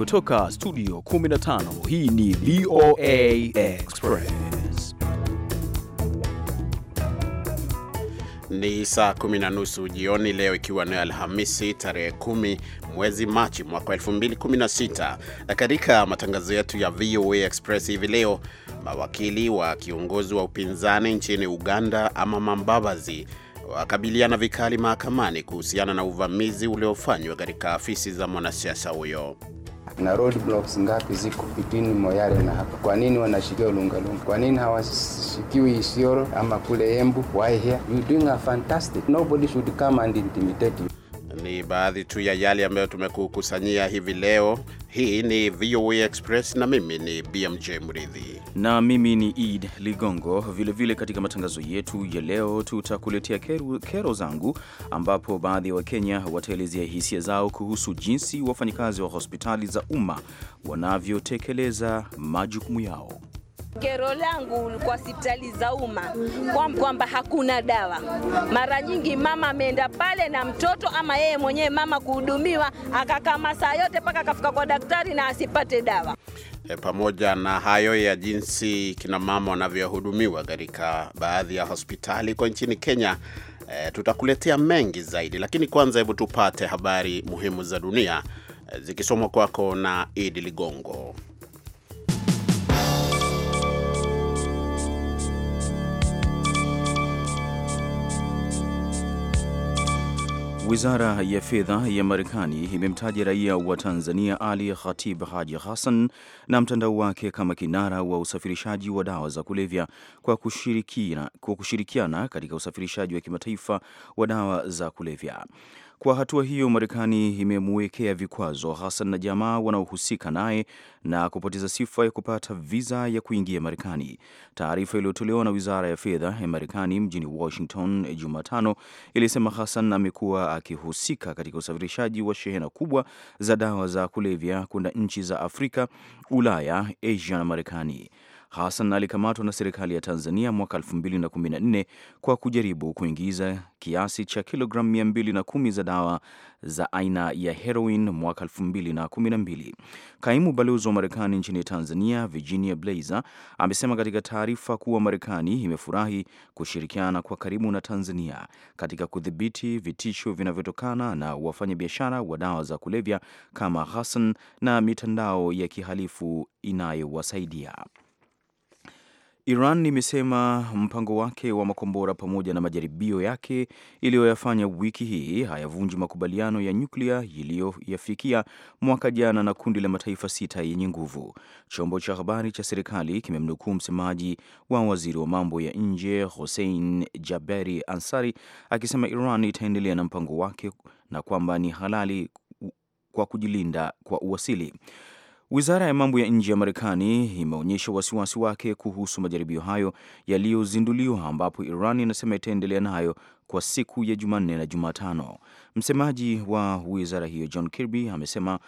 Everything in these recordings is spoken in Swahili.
Kutoka studio 15 hii ni VOA Express. Ni saa kumi na nusu jioni leo, ikiwa ni Alhamisi tarehe kumi mwezi Machi mwaka 2016. Na katika matangazo yetu ya VOA Express hivi leo, mawakili wa kiongozi wa upinzani nchini Uganda ama Mambabazi wakabiliana vikali mahakamani kuhusiana na uvamizi uliofanywa katika afisi za mwanasiasa huyo na road blocks ngapi ziko between Moyale na hapa? Kwa nini wanashikiwa Lungalunga? Kwa nini hawashikiwi isioro ama kule Embu? Why here? You doing a fantastic. Nobody should come and intimidate you. Ni baadhi tu ya yale ambayo tumekukusanyia hivi leo. Hii ni VOA Express na mimi ni BMJ Mridhi na mimi ni Ed Ligongo. Vilevile vile katika matangazo yetu ya leo tutakuletea kero, kero zangu ambapo baadhi ya wa Wakenya wataelezea hisia zao kuhusu jinsi wafanyakazi wa hospitali za umma wanavyotekeleza majukumu yao. Kero langu kwa hospitali za umma kwamba hakuna dawa. Mara nyingi mama ameenda pale na mtoto ama yeye mwenyewe mama kuhudumiwa, akakaa masaa yote mpaka akafika kwa daktari na asipate dawa. E, pamoja na hayo ya jinsi kina mama wanavyohudumiwa katika baadhi ya hospitali kwa nchini Kenya. E, tutakuletea mengi zaidi, lakini kwanza, hebu tupate habari muhimu za dunia e, zikisomwa kwako na Idi Ligongo. Wizara ya fedha ya Marekani imemtaja raia wa Tanzania Ali Khatib Haji Hassan na mtandao wake kama kinara wa usafirishaji wa dawa za kulevya kwa kushirikiana, kwa kushirikiana katika usafirishaji wa kimataifa wa dawa za kulevya. Kwa hatua hiyo, Marekani imemwekea vikwazo Hassan na jamaa wanaohusika naye na kupoteza sifa ya kupata viza ya kuingia Marekani. Taarifa iliyotolewa na wizara ya fedha ya Marekani mjini Washington Jumatano ilisema Hassan amekuwa akihusika katika usafirishaji wa shehena kubwa za dawa za kulevya kwenda nchi za Afrika, Ulaya, Asia na Marekani. Hassan alikamatwa na serikali ya Tanzania mwaka 2014 kwa kujaribu kuingiza kiasi cha kilogramu 210 za dawa za aina ya heroin mwaka 2012. Kaimu balozi wa Marekani nchini Tanzania, Virginia Blazer, amesema katika taarifa kuwa Marekani imefurahi kushirikiana kwa karibu na Tanzania katika kudhibiti vitisho vinavyotokana na wafanyabiashara wa dawa za kulevya kama Hassan na mitandao ya kihalifu inayowasaidia. Iran imesema mpango wake wa makombora pamoja na majaribio yake iliyoyafanya wiki hii hayavunji makubaliano ya nyuklia iliyoyafikia mwaka jana na kundi la mataifa sita yenye nguvu. Chombo cha habari cha serikali kimemnukuu msemaji wa waziri wa mambo ya nje Hossein Jaberi Ansari akisema Iran itaendelea na mpango wake na kwamba ni halali kwa kujilinda kwa uasili. Wizara ya mambo ya nje ya Marekani imeonyesha wasiwasi wake kuhusu majaribio hayo yaliyozinduliwa, ambapo Iran inasema itaendelea nayo kwa siku ya Jumanne na Jumatano. Msemaji wa wizara hiyo John Kirby amesema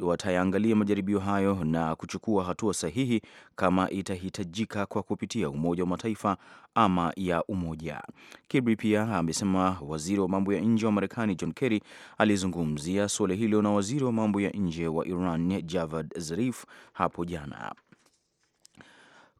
watayaangalia majaribio hayo na kuchukua hatua sahihi kama itahitajika kwa kupitia Umoja wa Mataifa ama ya umoja. Kirby pia amesema waziri wa mambo ya nje wa Marekani John Kerry alizungumzia suala hilo na waziri wa mambo ya nje wa Iran Javad Zarif hapo jana.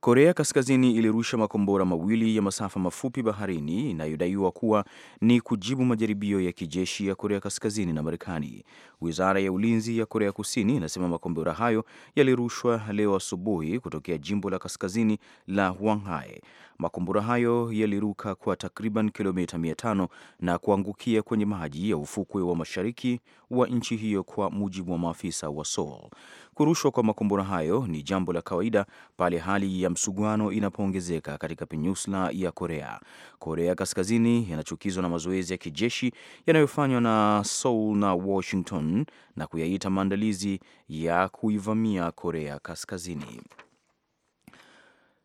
Korea Kaskazini ilirusha makombora mawili ya masafa mafupi baharini inayodaiwa kuwa ni kujibu majaribio ya kijeshi ya Korea Kaskazini na Marekani. Wizara ya Ulinzi ya Korea Kusini inasema makombora hayo yalirushwa leo asubuhi kutokea jimbo la kaskazini la Hwanghae. Makombora hayo yaliruka kwa takriban kilomita 500 na kuangukia kwenye maji ya ufukwe wa mashariki wa nchi hiyo kwa mujibu wa maafisa wa Seoul. Kurushwa kwa makombora hayo ni jambo la kawaida pale hali ya msuguano inapoongezeka katika peninsula ya Korea. Korea Kaskazini yanachukizwa na mazoezi ya kijeshi yanayofanywa na Seoul na Washington na kuyaita maandalizi ya kuivamia Korea Kaskazini.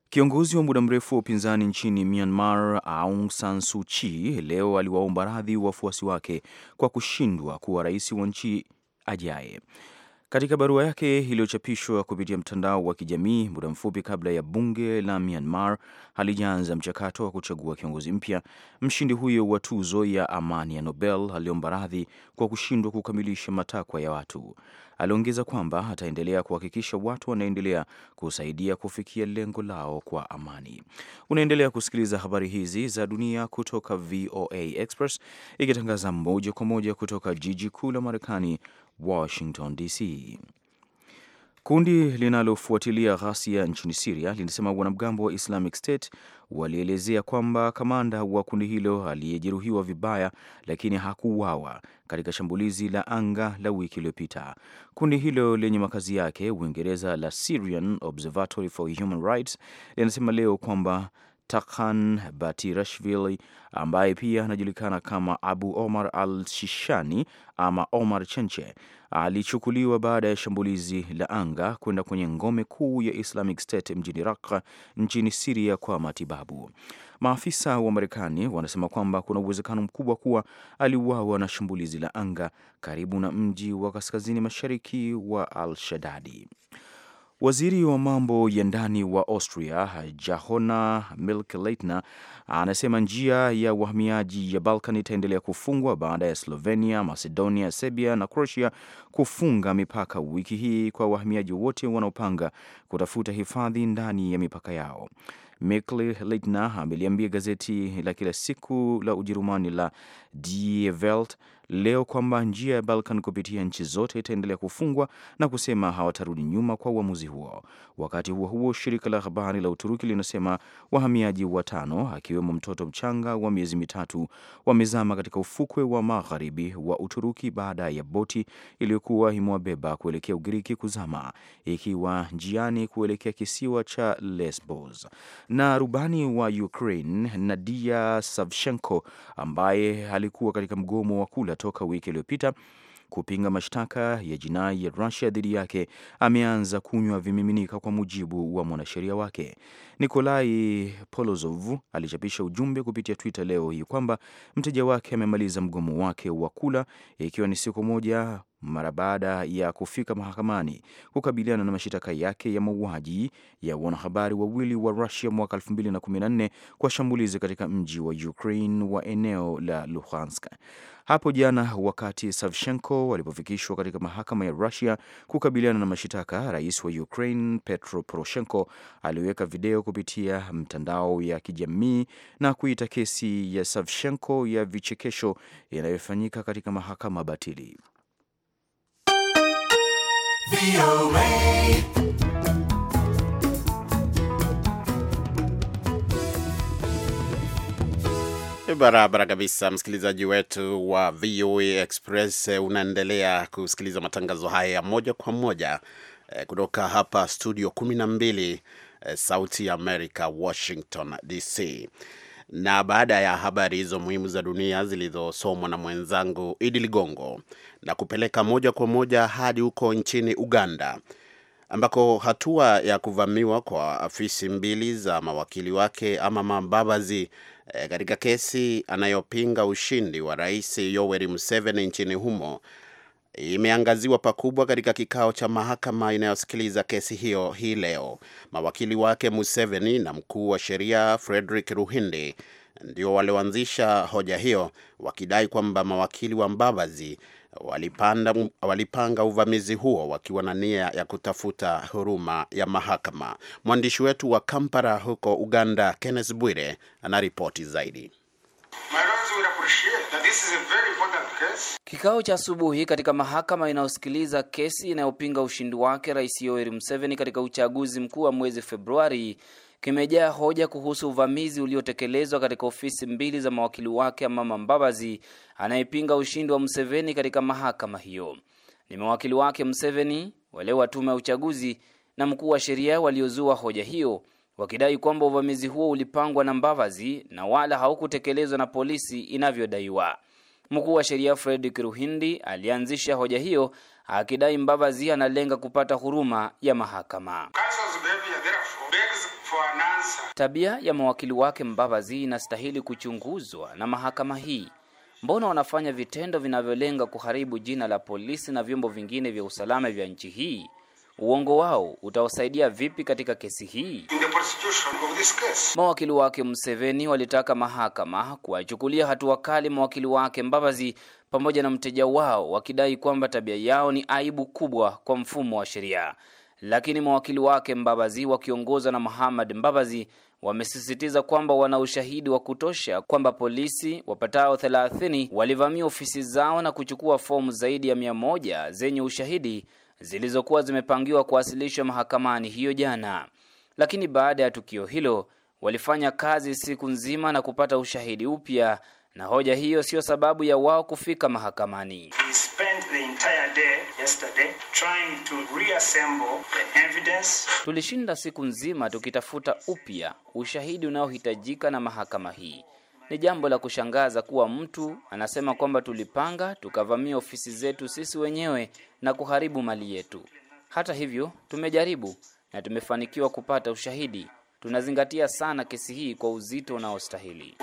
Kiongozi wa muda mrefu wa upinzani nchini Myanmar, Aung San Suu Kyi, leo aliwaomba radhi wafuasi wake kwa kushindwa kuwa rais wa nchi ajaye. Katika barua yake iliyochapishwa kupitia mtandao wa kijamii muda mfupi kabla ya bunge la Myanmar halijaanza mchakato wa kuchagua kiongozi mpya, mshindi huyo wa tuzo ya amani ya Nobel aliomba radhi kwa kushindwa kukamilisha matakwa ya watu. Aliongeza kwamba ataendelea kuhakikisha watu wanaendelea kusaidia kufikia lengo lao kwa amani. Unaendelea kusikiliza habari hizi za dunia kutoka VOA Express ikitangaza moja kwa moja kutoka jiji kuu la Marekani, Washington DC. Kundi linalofuatilia ghasia nchini Siria linasema wanamgambo wa Islamic State walielezea kwamba kamanda wa kundi hilo aliyejeruhiwa vibaya lakini hakuuawa katika shambulizi la anga la wiki iliyopita. Kundi hilo lenye makazi yake Uingereza la Syrian Observatory for Human Rights linasema leo kwamba Takhan Batirashvili ambaye pia anajulikana kama Abu Omar al-Shishani ama Omar Chenche alichukuliwa baada ya shambulizi la anga kwenda kwenye ngome kuu ya Islamic State mjini Raqqa nchini Siria kwa matibabu. Maafisa wa Marekani wanasema kwamba kuna uwezekano mkubwa kuwa aliuawa na shambulizi la anga karibu na mji wa kaskazini mashariki wa Al-Shadadi. Waziri wa mambo ya ndani wa Austria Jahona Milk-Leitner anasema njia ya uhamiaji ya Balkan itaendelea kufungwa baada ya Slovenia, Macedonia, Serbia na Croatia kufunga mipaka wiki hii kwa wahamiaji wote wanaopanga kutafuta hifadhi ndani ya mipaka yao. Mikl leitner ameliambia gazeti la kila siku la Ujerumani la Die Welt leo kwamba njia ya Balkan kupitia nchi zote itaendelea kufungwa na kusema hawatarudi nyuma kwa uamuzi huo. Wakati huo huo, shirika la habari la Uturuki linasema wahamiaji watano akiwemo mtoto mchanga wa miezi mitatu wamezama katika ufukwe wa magharibi wa Uturuki baada ya boti iliyokuwa imewabeba kuelekea Ugiriki kuzama ikiwa njiani kuelekea kisiwa cha Lesbos. Na rubani wa Ukraine Nadia Savchenko ambaye alikuwa katika mgomo wa kula toka wiki iliyopita kupinga mashtaka ya jinai ya Russia dhidi yake ameanza kunywa vimiminika. Kwa mujibu wa mwanasheria wake Nikolai Polozov, alichapisha ujumbe kupitia Twitter leo hii kwamba mteja wake amemaliza mgomo wake wa kula, ikiwa ni siku moja mara baada ya kufika mahakamani kukabiliana na mashitaka yake ya mauaji ya wanahabari wawili wa Rusia mwaka 2014 kwa shambulizi katika mji wa Ukraine wa eneo la Luhansk. Hapo jana wakati Savchenko alipofikishwa katika mahakama ya Rusia kukabiliana na mashitaka, rais wa Ukraine Petro Poroshenko aliweka video kupitia mtandao ya kijamii na kuita kesi ya Savchenko ya vichekesho inayofanyika katika mahakama batili. Barabara kabisa, msikilizaji wetu wa VOA Express, eh, unaendelea kusikiliza matangazo haya ya moja kwa moja eh, kutoka hapa studio 12, eh, Sauti ya America, Washington DC. Na baada ya habari hizo muhimu za dunia zilizosomwa na mwenzangu Idi Ligongo, na kupeleka moja kwa moja hadi huko nchini Uganda ambako hatua ya kuvamiwa kwa afisi mbili za mawakili wake ama mababazi eh, katika kesi anayopinga ushindi wa Rais Yoweri Museveni nchini humo imeangaziwa pakubwa katika kikao cha mahakama inayosikiliza kesi hiyo hii leo. Mawakili wake Museveni na mkuu wa sheria Frederick Ruhindi ndio walioanzisha hoja hiyo wakidai kwamba mawakili wa Mbabazi walipanda, walipanga uvamizi huo wakiwa na nia ya kutafuta huruma ya mahakama. Mwandishi wetu wa Kampala huko Uganda, Kenneth Bwire anaripoti zaidi. Kikao cha asubuhi katika mahakama inayosikiliza kesi inayopinga ushindi wake Rais Yoweri Museveni katika uchaguzi mkuu wa mwezi Februari kimejaa hoja kuhusu uvamizi uliotekelezwa katika ofisi mbili za mawakili wake mama Mbabazi anayepinga ushindi wa Museveni katika mahakama hiyo. Ni mawakili wake Museveni, wale wa tume ya uchaguzi na mkuu wa sheria waliozua hoja hiyo wakidai kwamba uvamizi huo ulipangwa na Mbavazi na wala haukutekelezwa na polisi inavyodaiwa. Mkuu wa sheria Fred Kiruhindi alianzisha hoja hiyo akidai Mbavazi analenga kupata huruma ya mahakama. Tabia ya mawakili wake Mbavazi inastahili kuchunguzwa na mahakama hii. Mbona wanafanya vitendo vinavyolenga kuharibu jina la polisi na vyombo vingine vya usalama vya nchi hii? uongo wao utawasaidia vipi katika kesi hii? Mawakili wake mseveni walitaka mahakama kuwachukulia hatua kali mawakili wake Mbabazi pamoja na mteja wao, wakidai kwamba tabia yao ni aibu kubwa kwa mfumo wa sheria. Lakini mawakili wake Mbabazi wakiongozwa na Muhammad Mbabazi wamesisitiza kwamba wana ushahidi wa kutosha kwamba polisi wapatao 30 walivamia ofisi zao na kuchukua fomu zaidi ya mia moja zenye ushahidi zilizokuwa zimepangiwa kuwasilishwa mahakamani hiyo jana, lakini baada ya tukio hilo walifanya kazi siku nzima na kupata ushahidi upya, na hoja hiyo siyo sababu ya wao kufika mahakamani. Tulishinda siku nzima tukitafuta upya ushahidi unaohitajika na mahakama hii ni jambo la kushangaza kuwa mtu anasema kwamba tulipanga tukavamia ofisi zetu sisi wenyewe na kuharibu mali yetu. Hata hivyo, tumejaribu na tumefanikiwa kupata ushahidi. Tunazingatia sana kesi hii kwa uzito unaostahili.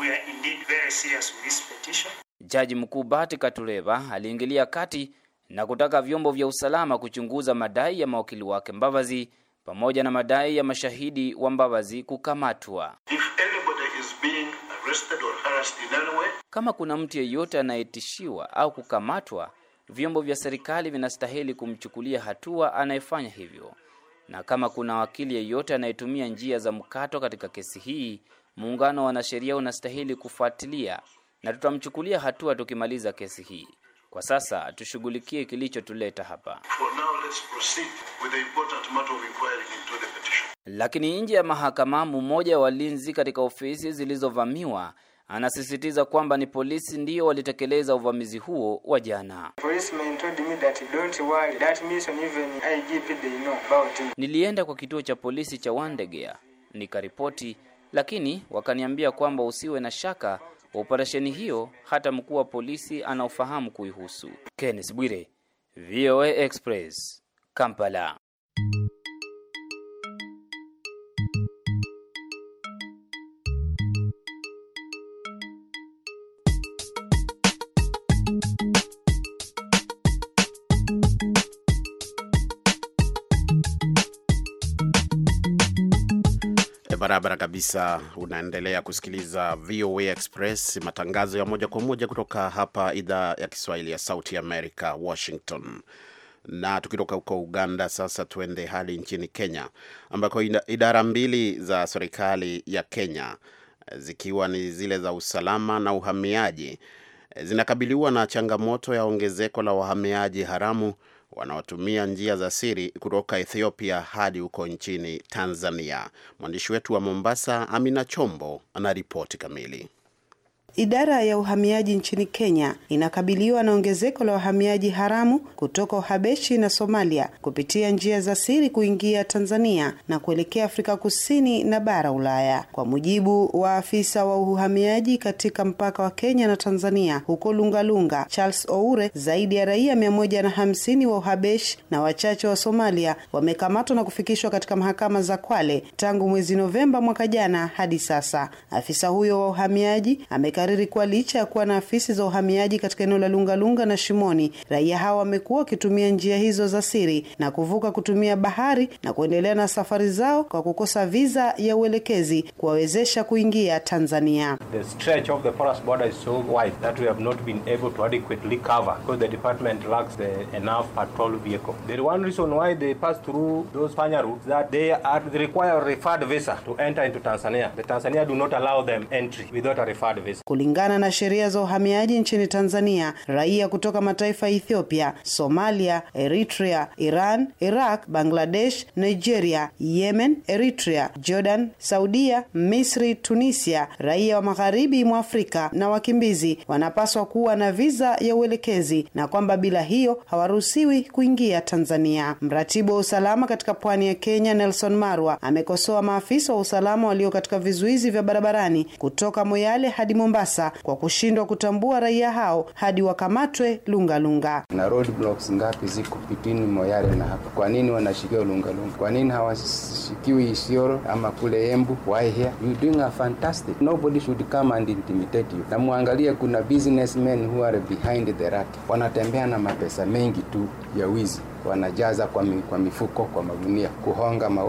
Jaji Mkuu Bati Katureva aliingilia kati na kutaka vyombo vya usalama kuchunguza madai ya mawakili wake Mbavazi pamoja na madai ya mashahidi wa Mbavazi kukamatwa. Kama kuna mtu yeyote anayetishiwa au kukamatwa, vyombo vya serikali vinastahili kumchukulia hatua anayefanya hivyo, na kama kuna wakili yeyote anayetumia njia za mkato katika kesi hii, muungano wa wanasheria unastahili kufuatilia, na tutamchukulia hatua tukimaliza kesi hii. Kwa sasa tushughulikie kilichotuleta hapa. Lakini nje ya mahakama, mmoja wa walinzi katika ofisi zilizovamiwa anasisitiza kwamba ni polisi ndiyo walitekeleza uvamizi huo wa jana. Nilienda kwa kituo cha polisi cha Wandegea nikaripoti, lakini wakaniambia kwamba usiwe na shaka wa operesheni hiyo, hata mkuu wa polisi anaofahamu kuihusu. Kenneth Bwire, VOA Express, Kampala. E, barabara kabisa. Unaendelea kusikiliza VOA Express, matangazo ya moja kwa moja kutoka hapa idhaa ya Kiswahili ya Sauti america Washington. Na tukitoka huko Uganda sasa, tuende hadi nchini Kenya ambako idara mbili za serikali ya Kenya zikiwa ni zile za usalama na uhamiaji zinakabiliwa na changamoto ya ongezeko la wahamiaji haramu wanaotumia njia za siri kutoka Ethiopia hadi huko nchini Tanzania. Mwandishi wetu wa Mombasa, Amina Chombo, ana ripoti kamili. Idara ya uhamiaji nchini Kenya inakabiliwa na ongezeko la wahamiaji haramu kutoka Uhabeshi na Somalia kupitia njia za siri kuingia Tanzania na kuelekea Afrika Kusini na bara Ulaya. Kwa mujibu wa afisa wa uhamiaji katika mpaka wa Kenya na Tanzania huko Lungalunga, Charles Oure, zaidi ya raia mia moja na hamsini wa Uhabeshi na wachache wa Somalia wamekamatwa na kufikishwa katika mahakama za Kwale tangu mwezi Novemba mwaka jana hadi sasa. Afisa huyo wa uhamiaji ameka wamekariri kuwa licha ya kuwa na afisi za uhamiaji katika eneo la Lungalunga na Shimoni, raia hawa wamekuwa wakitumia njia hizo za siri na kuvuka kutumia bahari na kuendelea na safari zao kwa kukosa viza ya uelekezi kuwawezesha kuingia Tanzania. The stretch of the border is so wide that we have not been able to adequately cover because the department lacks the enough patrol vehicle. There is one reason why they pass through those Panya routes that they are they require a referred visa to enter into Tanzania. The Tanzania do not allow them entry without a referred visa. Kulingana na sheria za uhamiaji nchini Tanzania, raia kutoka mataifa ya Ethiopia, Somalia, Eritrea, Iran, Iraq, Bangladesh, Nigeria, Yemen, Eritrea, Jordan, Saudia, Misri, Tunisia, raia wa magharibi mwa Afrika na wakimbizi wanapaswa kuwa na visa ya uelekezi na kwamba bila hiyo hawaruhusiwi kuingia Tanzania. Mratibu wa usalama katika pwani ya Kenya, Nelson Marwa, amekosoa maafisa wa usalama walio katika vizuizi vya barabarani kutoka Moyale hadi Mombasa Mombasa kwa kushindwa kutambua raia hao hadi wakamatwe Lungalunga. Na road blocks ngapi ziko pitini Moyale na hapa? Kwa nini wanashikiwa Lungalunga? Kwa nini hawashikiwi isioro ama kule Embu? Why here? You doing a fantastic. Nobody should come and intimidate you. namwangalie kuna businessmen who are behind the rat, wanatembea na mapesa mengi tu ya wizi, wanajaza kwa mifuko, kwa magunia, kuhonga ma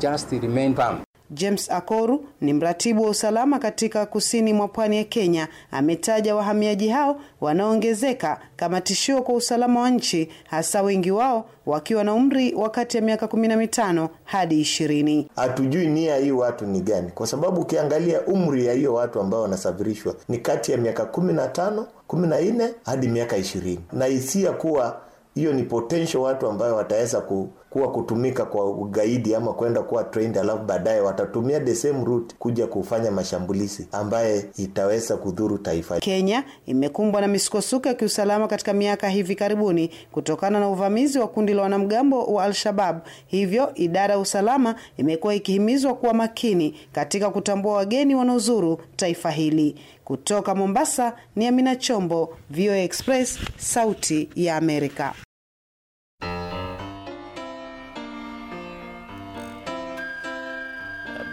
just remain firm. James Akoru ni mratibu wa usalama katika kusini mwa pwani ya Kenya, ametaja wahamiaji hao wanaoongezeka kama tishio kwa usalama wa nchi, hasa wengi wao wakiwa na umri wa kati ya miaka kumi na mitano hadi ishirini. Hatujui nia hii watu ni gani, kwa sababu ukiangalia umri ya hiyo watu ambao wanasafirishwa ni kati ya miaka kumi na tano kumi na nne hadi miaka ishirini na hisia kuwa hiyo ni potential watu ambayo wataweza ku, kuwa kutumika kwa ugaidi ama kwenda kuwa trained, alafu baadaye watatumia the same route kuja kufanya mashambulizi ambaye itaweza kudhuru taifa. Kenya imekumbwa na misukosuko ya kiusalama katika miaka hivi karibuni kutokana na uvamizi wa kundi la wanamgambo wa Al-Shabab. Hivyo idara ya usalama imekuwa ikihimizwa kuwa makini katika kutambua wageni wanaozuru taifa hili. Kutoka Mombasa ni Amina Chombo, VOA Express, Sauti ya Amerika.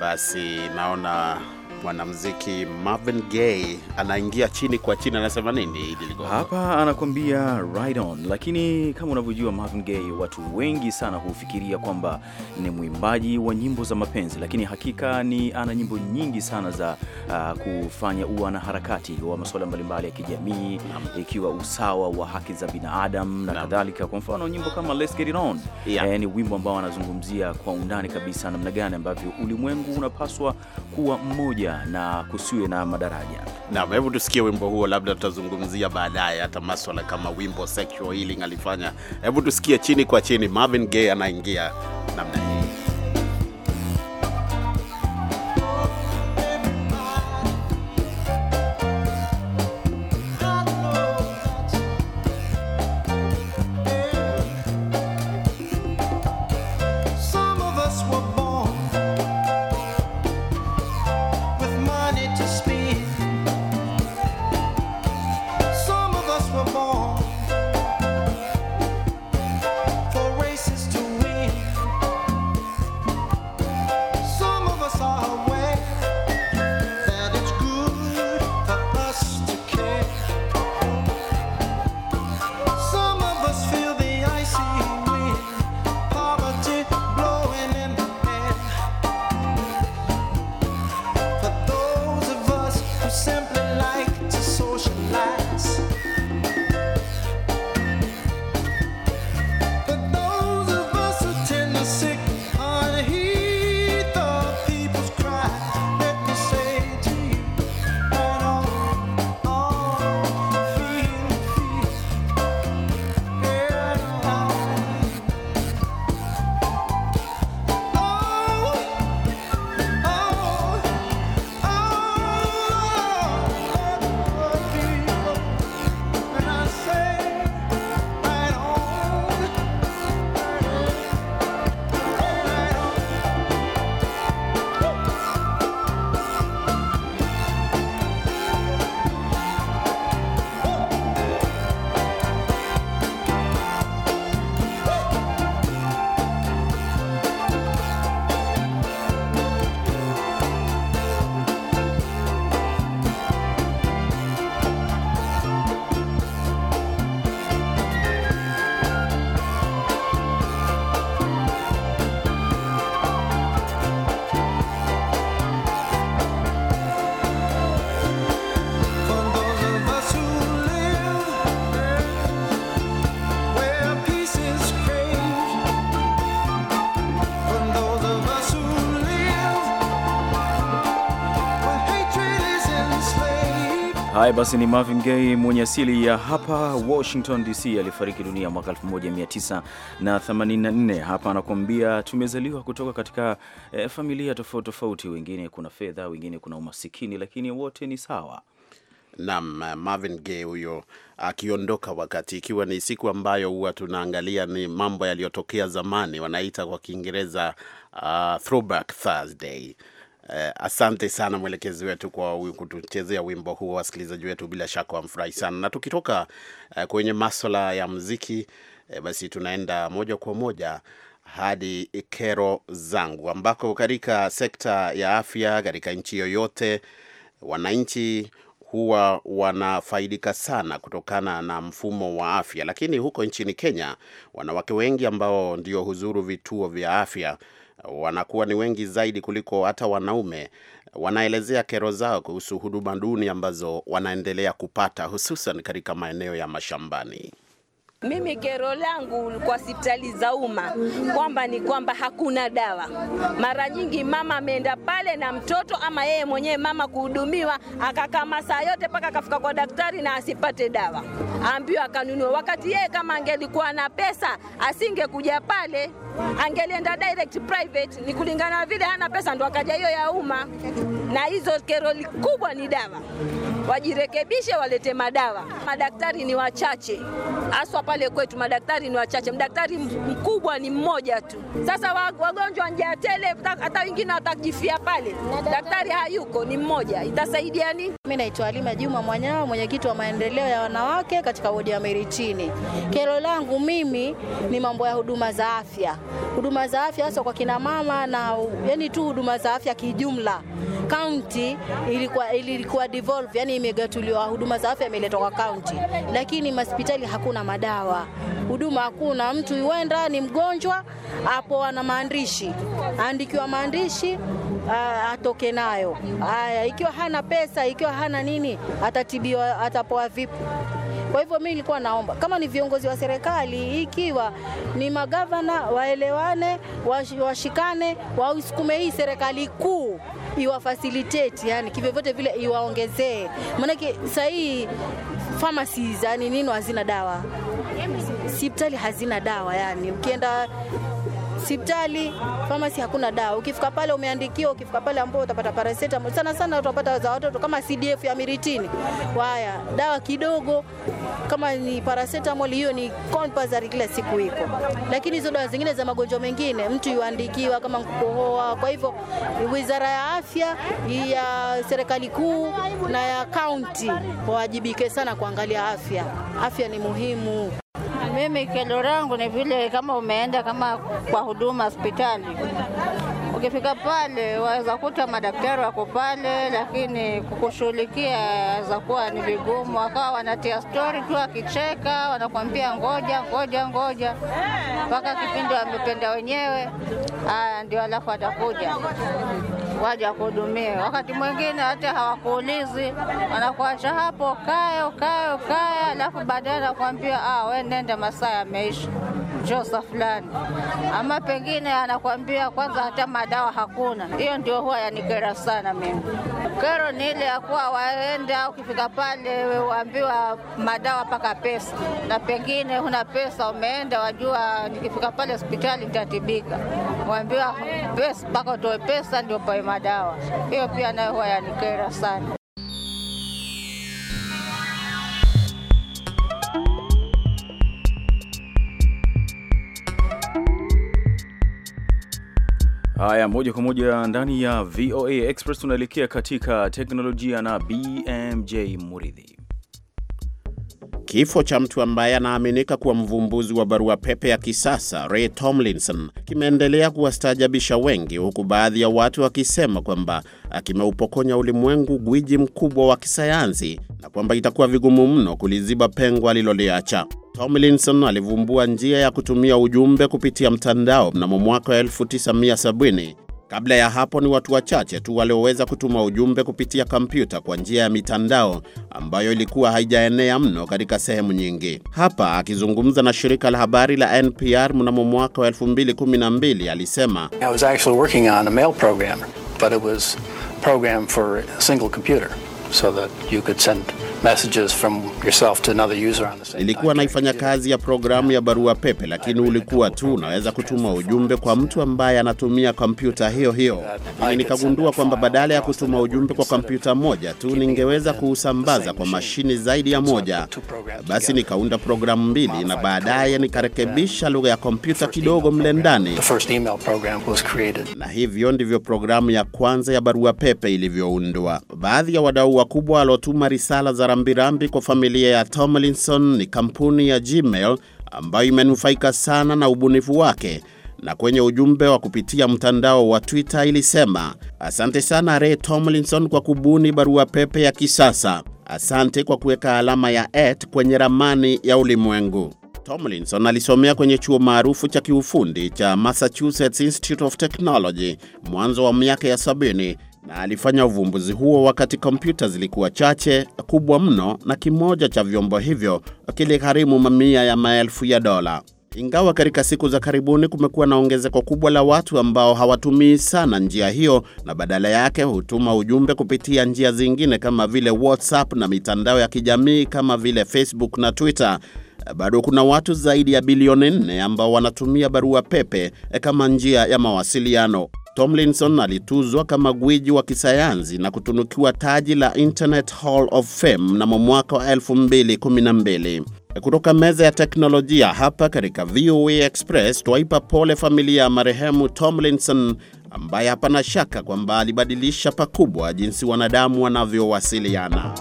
basi naona mwanamziki Marvin Gaye anaingia chini kwa chini, anasema nini hili hapa, anakuambia ride on. Lakini kama unavyojua Marvin Gaye, watu wengi sana hufikiria kwamba ni mwimbaji wa nyimbo za mapenzi, lakini hakika ni ana nyimbo nyingi sana za uh, kufanya harakati wa masuala mbalimbali ya kijamii, ikiwa usawa wa haki za binadamu na kadhalika. Kwa mfano nyimbo kama Let's Get It On yeah. Eh, ni wimbo ambao anazungumzia kwa undani kabisa namna gani ambavyo ulimwengu unapaswa kuwa mmoja na kusiwe na madaraja. Na hebu tusikie wimbo huo, labda tutazungumzia baadaye hata maswala kama wimbo sexual healing alifanya. Hebu tusikie chini kwa chini, Marvin Gaye anaingia namna hii. Haya basi, ni Marvin Gaye mwenye asili ya hapa Washington DC, alifariki dunia mwaka 1984. Hapa anakuambia tumezaliwa kutoka katika eh, familia tofauti tofauti, wengine kuna fedha, wengine kuna umasikini, lakini wote ni sawa. Naam, Marvin Gaye huyo akiondoka wakati, ikiwa ni siku ambayo huwa tunaangalia ni mambo yaliyotokea zamani, wanaita kwa Kiingereza uh, throwback Thursday Eh, asante sana mwelekezi wetu kwa kutuchezea wimbo huo. Wasikilizaji wetu bila shaka wamfurahi sana, na tukitoka eh, kwenye maswala ya muziki eh, basi tunaenda moja kwa moja hadi kero zangu, ambako katika sekta ya afya katika nchi yoyote wananchi huwa wanafaidika sana kutokana na mfumo wa afya, lakini huko nchini Kenya wanawake wengi ambao ndio huzuru vituo vya afya wanakuwa ni wengi zaidi kuliko hata wanaume, wanaelezea kero zao kuhusu huduma duni ambazo wanaendelea kupata hususan katika maeneo ya mashambani. Mimi kero langu kwa hospitali za umma kwamba ni kwamba hakuna dawa. Mara nyingi mama ameenda pale na mtoto ama yeye mwenyewe mama kuhudumiwa, akakaa masaa yote mpaka akafika kwa daktari na asipate dawa, aambiwa akanunua, wakati yeye kama angelikuwa na pesa asingekuja pale angelienda direct private, ni kulingana na vile hana pesa ndo akaja hiyo ya umma, na hizo keroli kubwa ni dawa. Wajirekebishe, walete madawa. Madaktari ni wachache, haswa pale kwetu madaktari ni wachache. Mdaktari mkubwa ni mmoja tu. Sasa wagonjwa njia tele, hata wengine watajifia pale, daktari hayuko, ni mmoja, itasaidia nini? Mimi naitwa Halima Juma Mwanyao, mwenyekiti wa maendeleo ya wanawake katika wodi ya Meritini. Kero langu mimi ni mambo ya huduma za afya huduma za afya hasa kwa kina mama na yani tu huduma za afya kijumla. Kaunti ilikuwa, ilikuwa devolve, yani imegatuliwa, huduma za afya imeletwa kwa kaunti, lakini hospitali hakuna madawa, huduma hakuna. Mtu iwenda ni mgonjwa hapo, ana maandishi, aandikiwa maandishi atoke nayo. Haya, ikiwa hana pesa, ikiwa hana nini, atatibiwa, atapoa vipi? Kwa hivyo mimi nilikuwa naomba kama ni viongozi wa serikali, ikiwa ni magavana, waelewane, washikane, wausukume hii serikali kuu iwafasilitate, yani kivyovyote vile iwaongezee, maanake saa hii pharmacies yani nini hazina dawa, hospitali hazina dawa, yani ukienda sipitali pharmacy hakuna dawa. Ukifika pale umeandikiwa, ukifika pale ambao utapata paracetamol. Sana sana utapata za watoto kama CDF ya miritini. Haya, dawa kidogo kama ni paracetamol hiyo ni compulsory kila siku iko. Lakini hizo dawa zingine za magonjwa mengine mtu yuandikiwa kama kukohoa. Kwa hivyo Wizara ya Afya ya serikali kuu na ya kaunti wawajibike sana kuangalia afya. Afya ni muhimu mimi kelo langu ni vile kama umeenda kama kwa huduma hospitali Ukifika pale waweza kuta madaktari wako pale, lakini kukushughulikia za kuwa ni vigumu, wakawa wanatia stori tu, akicheka wanakuambia ngoja ngoja ngoja mpaka kipindi wamependa wenyewe. Haya ndio, alafu atakuja waja kuhudumia. Wakati mwingine hata hawakuulizi, wanakuacha hapo, kae ukae ukae, alafu baadaye anakuambia ah, we nenda, masaa yameisha josa fulani, ama pengine anakuambia kwanza hata madawa hakuna. Hiyo ndio huwa yanikera sana mimi. Kero ni ile ya kuwa waenda, ukifika pale waambiwa madawa mpaka pesa, na pengine huna pesa, umeenda wajua, nikifika pale hospitali nitatibika, waambiwa pesa mpaka utoe pesa ndio pawe madawa. Hiyo pia nayo huwa yanikera sana. Haya, moja kwa moja ndani ya VOA Express tunaelekea katika teknolojia na BMJ Muridhi. Kifo cha mtu ambaye anaaminika kuwa mvumbuzi wa barua pepe ya kisasa Ray Tomlinson kimeendelea kuwastaajabisha wengi, huku baadhi ya watu wakisema kwamba kimeupokonya ulimwengu gwiji mkubwa wa kisayansi na kwamba itakuwa vigumu mno kuliziba pengo aliloliacha. Tomlinson alivumbua njia ya kutumia ujumbe kupitia mtandao mnamo mwaka 1970. Kabla ya hapo ni watu wachache tu walioweza kutuma ujumbe kupitia kompyuta kwa njia ya mitandao ambayo ilikuwa haijaenea mno katika sehemu nyingi. Hapa akizungumza na shirika la habari la NPR mnamo mwaka wa 2012 alisema, I was actually working on a mail program, but it was program for a single computer so that you could send messages from yourself to another user on the same. naifanya kazi ya programu ya barua pepe, lakini ulikuwa tu unaweza kutuma ujumbe kwa mtu ambaye anatumia kompyuta hiyo hiyo. Nikagundua kwamba badala ya kutuma ujumbe kwa kompyuta moja tu, ningeweza kuusambaza kwa mashini zaidi ya moja. Basi nikaunda programu mbili na baadaye nikarekebisha lugha ya kompyuta kidogo mle ndani, na hivyo ndivyo programu ya kwanza ya barua pepe ilivyoundwa. Baadhi ya wadau wakubwa waliotuma risala za rambirambi kwa familia ya Tomlinson ni kampuni ya Gmail ambayo imenufaika sana na ubunifu wake, na kwenye ujumbe wa kupitia mtandao wa Twitter ilisema, asante sana Ray Tomlinson kwa kubuni barua pepe ya kisasa. Asante kwa kuweka alama ya et kwenye ramani ya ulimwengu. Tomlinson alisomea kwenye chuo maarufu cha kiufundi cha Massachusetts Institute of Technology mwanzo wa miaka ya sabini na alifanya uvumbuzi huo wakati kompyuta zilikuwa chache, kubwa mno, na kimoja cha vyombo hivyo kiligharimu mamia ya maelfu ya dola. Ingawa katika siku za karibuni kumekuwa na ongezeko kubwa la watu ambao hawatumii sana njia hiyo na badala yake hutuma ujumbe kupitia njia zingine kama vile WhatsApp na mitandao ya kijamii kama vile Facebook na Twitter, bado kuna watu zaidi ya bilioni nne ambao wanatumia barua pepe kama njia ya mawasiliano. Tomlinson alituzwa kama gwiji wa kisayansi na kutunukiwa taji la Internet Hall of Fame mnamo mwaka wa 2012. Kutoka meza ya teknolojia hapa katika VOA e Express, twaipa pole familia ya marehemu Tomlinson ambaye hapana shaka kwamba alibadilisha pakubwa jinsi wanadamu wanavyowasiliana.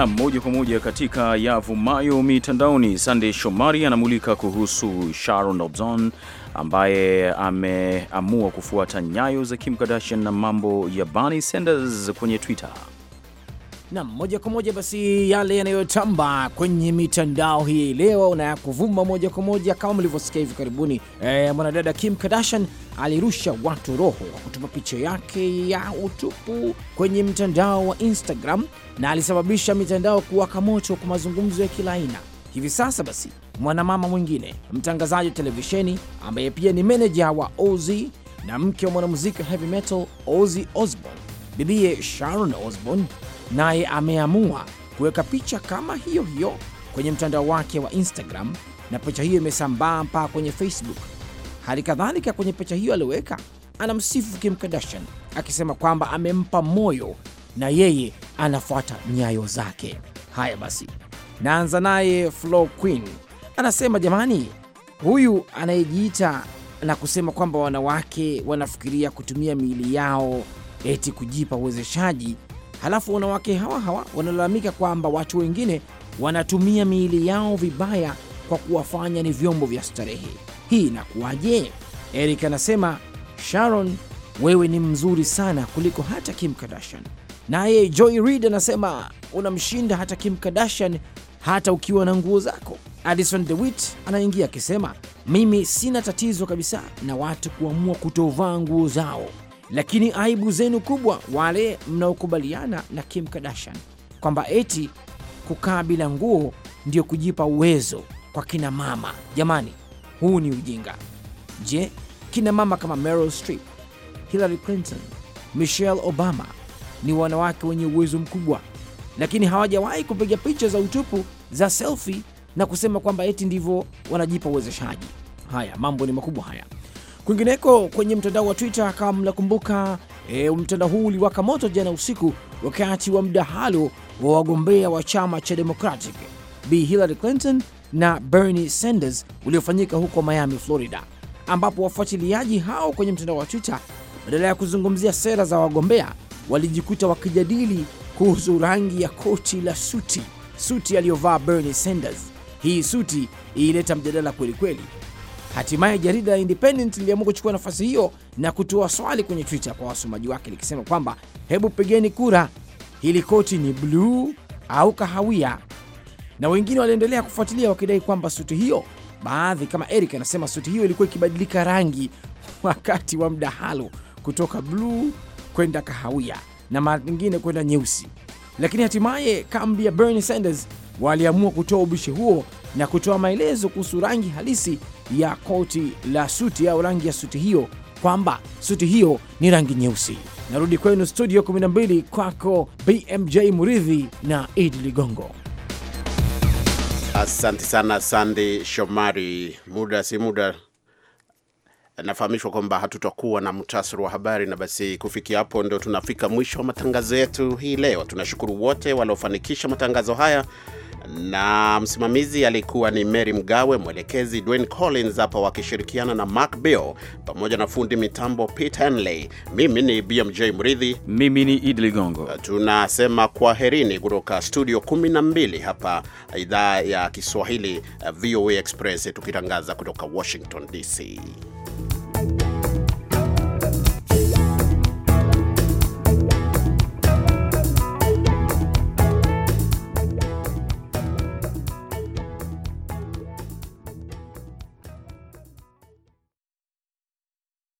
na moja kwa moja katika yavumayo mitandaoni. Sandey Shomari anamulika kuhusu Sharon Obzon ambaye ameamua kufuata nyayo za Kim Kardashian na mambo ya Bernie Sanders kwenye Twitter. Nam moja kwa moja basi, yale yanayotamba kwenye mitandao hii leo na ya kuvuma moja kwa moja, kama mlivyosikia hivi karibuni e, mwanadada Kim Kardashian alirusha watu roho wa kutupa picha yake ya utupu kwenye mtandao wa Instagram na alisababisha mitandao kuwaka moto kwa mazungumzo ya kila aina. Hivi sasa basi, mwanamama mwingine mtangazaji wa televisheni ambaye pia ni meneja wa Ozzy na mke wa mwanamuziki wa heavy metal Ozzy osborn bibie Sharon osborn naye ameamua kuweka picha kama hiyo hiyo kwenye mtandao wake wa Instagram, na picha hiyo imesambaa mpaka kwenye Facebook. Hali kadhalika kwenye picha hiyo aliyoweka anamsifu Kim Kardashian akisema kwamba amempa moyo na yeye anafuata nyayo zake. Haya basi, naanza naye Flo Queen anasema, jamani, huyu anayejiita na kusema kwamba wanawake wanafikiria kutumia miili yao eti kujipa uwezeshaji Halafu wanawake hawa hawa wanalalamika kwamba watu wengine wanatumia miili yao vibaya kwa kuwafanya ni vyombo vya starehe. Hii inakuwaje? Eric anasema Sharon, wewe ni mzuri sana kuliko hata Kim Kardashian. Naye Joy Reid anasema unamshinda hata Kim Kardashian hata ukiwa na nguo zako. Addison DeWitt anaingia akisema, mimi sina tatizo kabisa na watu kuamua kutovaa nguo zao, lakini aibu zenu kubwa, wale mnaokubaliana na Kim Kardashian kwamba eti kukaa bila nguo ndio kujipa uwezo kwa kina mama. Jamani, huu ni ujinga. Je, kina mama kama Meryl Streep, Hillary Clinton, Michelle Obama ni wanawake wenye uwezo mkubwa, lakini hawajawahi kupiga picha za utupu za selfie na kusema kwamba eti ndivyo wanajipa uwezeshaji. Haya mambo ni makubwa haya. Kwingineko kwenye mtandao wa Twitter, kama mnakumbuka, e, mtandao huu uliwaka moto jana usiku wakati wa mdahalo wa wagombea wa chama cha Democratic b Hillary Clinton na Bernie Sanders uliofanyika huko Miami, Florida, ambapo wafuatiliaji hao kwenye mtandao wa Twitter badala ya kuzungumzia sera za wagombea walijikuta wakijadili kuhusu rangi ya koti la suti, suti aliyovaa Bernie Sanders. Hii suti ilileta mjadala kweli kweli, Hatimaye jarida la Independent liliamua kuchukua nafasi hiyo na kutoa swali kwenye Twitter kwa wasomaji wake likisema kwamba hebu pigeni kura, hili koti ni bluu au kahawia? Na wengine waliendelea kufuatilia wakidai kwamba suti hiyo, baadhi kama Eric anasema suti hiyo ilikuwa ikibadilika rangi wakati wa mdahalo kutoka bluu kwenda kahawia na mara nyingine kwenda nyeusi. Lakini hatimaye kambi ya Bernie Sanders waliamua kutoa ubishi huo na kutoa maelezo kuhusu rangi halisi ya koti la suti au rangi ya suti hiyo kwamba suti hiyo ni rangi nyeusi. Narudi kwenu studio 12 kwako BMJ Muridhi na Idi Ligongo. Asante sana Sandi Shomari. Muda si muda nafahamishwa kwamba hatutakuwa na mtasari wa habari, na basi kufikia hapo ndio tunafika mwisho wa matangazo yetu hii leo. Tunashukuru wote waliofanikisha matangazo haya na msimamizi alikuwa ni Mary Mgawe, mwelekezi Dwayne Collins hapa wakishirikiana na Mark Bill pamoja na fundi mitambo Pete Henley. Mimi ni BMJ Mridhi, mimi ni Idi Ligongo. Uh, tunasema kwa herini kutoka studio 12 hapa uh, idhaa ya Kiswahili uh, VOA Express, tukitangaza kutoka Washington DC.